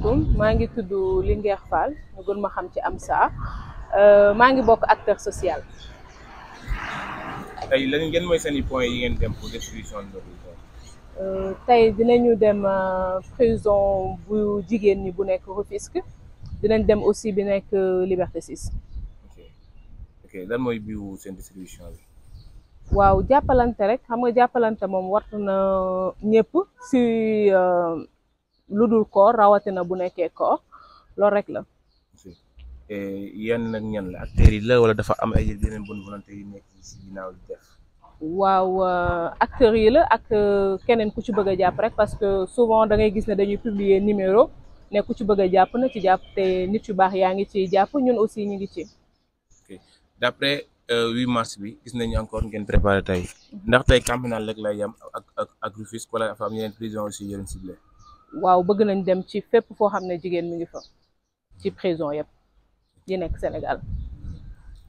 asalaamaaleykum maa ngi tudd Linguère Fall ñu ma xam ci Amsa euh, maa ngi bokk acteur social. tey lan ngeen mooy seen dem prison. Euh, tey dinañu dem euh, prison bu jigéen ñi bu nekk Rufisque dinañ dem aussi bi nekk Liberté sis ok ok mooy biu seen distribution waaw jàppalante rek xam nga jàppalante moom wartu na ñépp si. ludul ko koor na bu nekké ko lo rek la. euh yenn nak ñan la acteur yi la wala dafa am ay yeneen bonne volonté yu nekk ci ginaaw di def. waaw euh, acteur yi la ak euh, keneen ku ci bëgg japp rek parce que souvent da ngay gis ne dañuy publier numéro ne ku ci bëgg japp na ci japp té nit yu baax yaangi ci japp ñun aussi ñi ngi ci. ok d'après euh 8 mars bi gis nañu encore ngeen préparer tay ndax tay campagnat rek lay yam ak ak ak Rufisque wala fa am yeneen prison aussi yeneen ciblé. waaw bëgg nañ dem ci fépp foo xam ne jigéen mi ngi fa ci prison yëpp yi nekk Sénégal.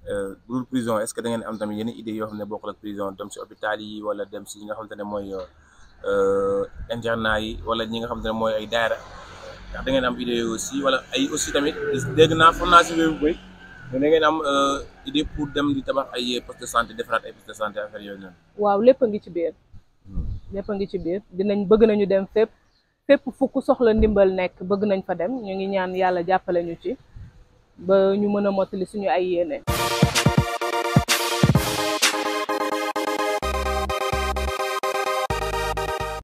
Euh, bu dul prison est-ce que da ngeen am tamit yenn idée yoo xam ne bokkul ak prison dem ci hôpital yi wala dem si ñi nga xamante ne mooy euh, euh, internat yi wala ñi nga xamante ne mooy ay daara ndax da ngeen am idée aussi wala ay aussi tamit dégg naa foog naa si wéy bu da ngeen am idée pour dem di tabax ay poste de santé defaraat ay poste de santé affaire yooyu noonu. waaw lépp a ngi ci biir. Hmm. lépp a ngi ci biir dinañ bëgg nañu dem fépp. fépp fukk soxla ndimbal nekk bëgg nañ fa dem ñu ngi ñaan yàlla jàppale ñu ci ba ñu mën a mottali suñu ay yéene.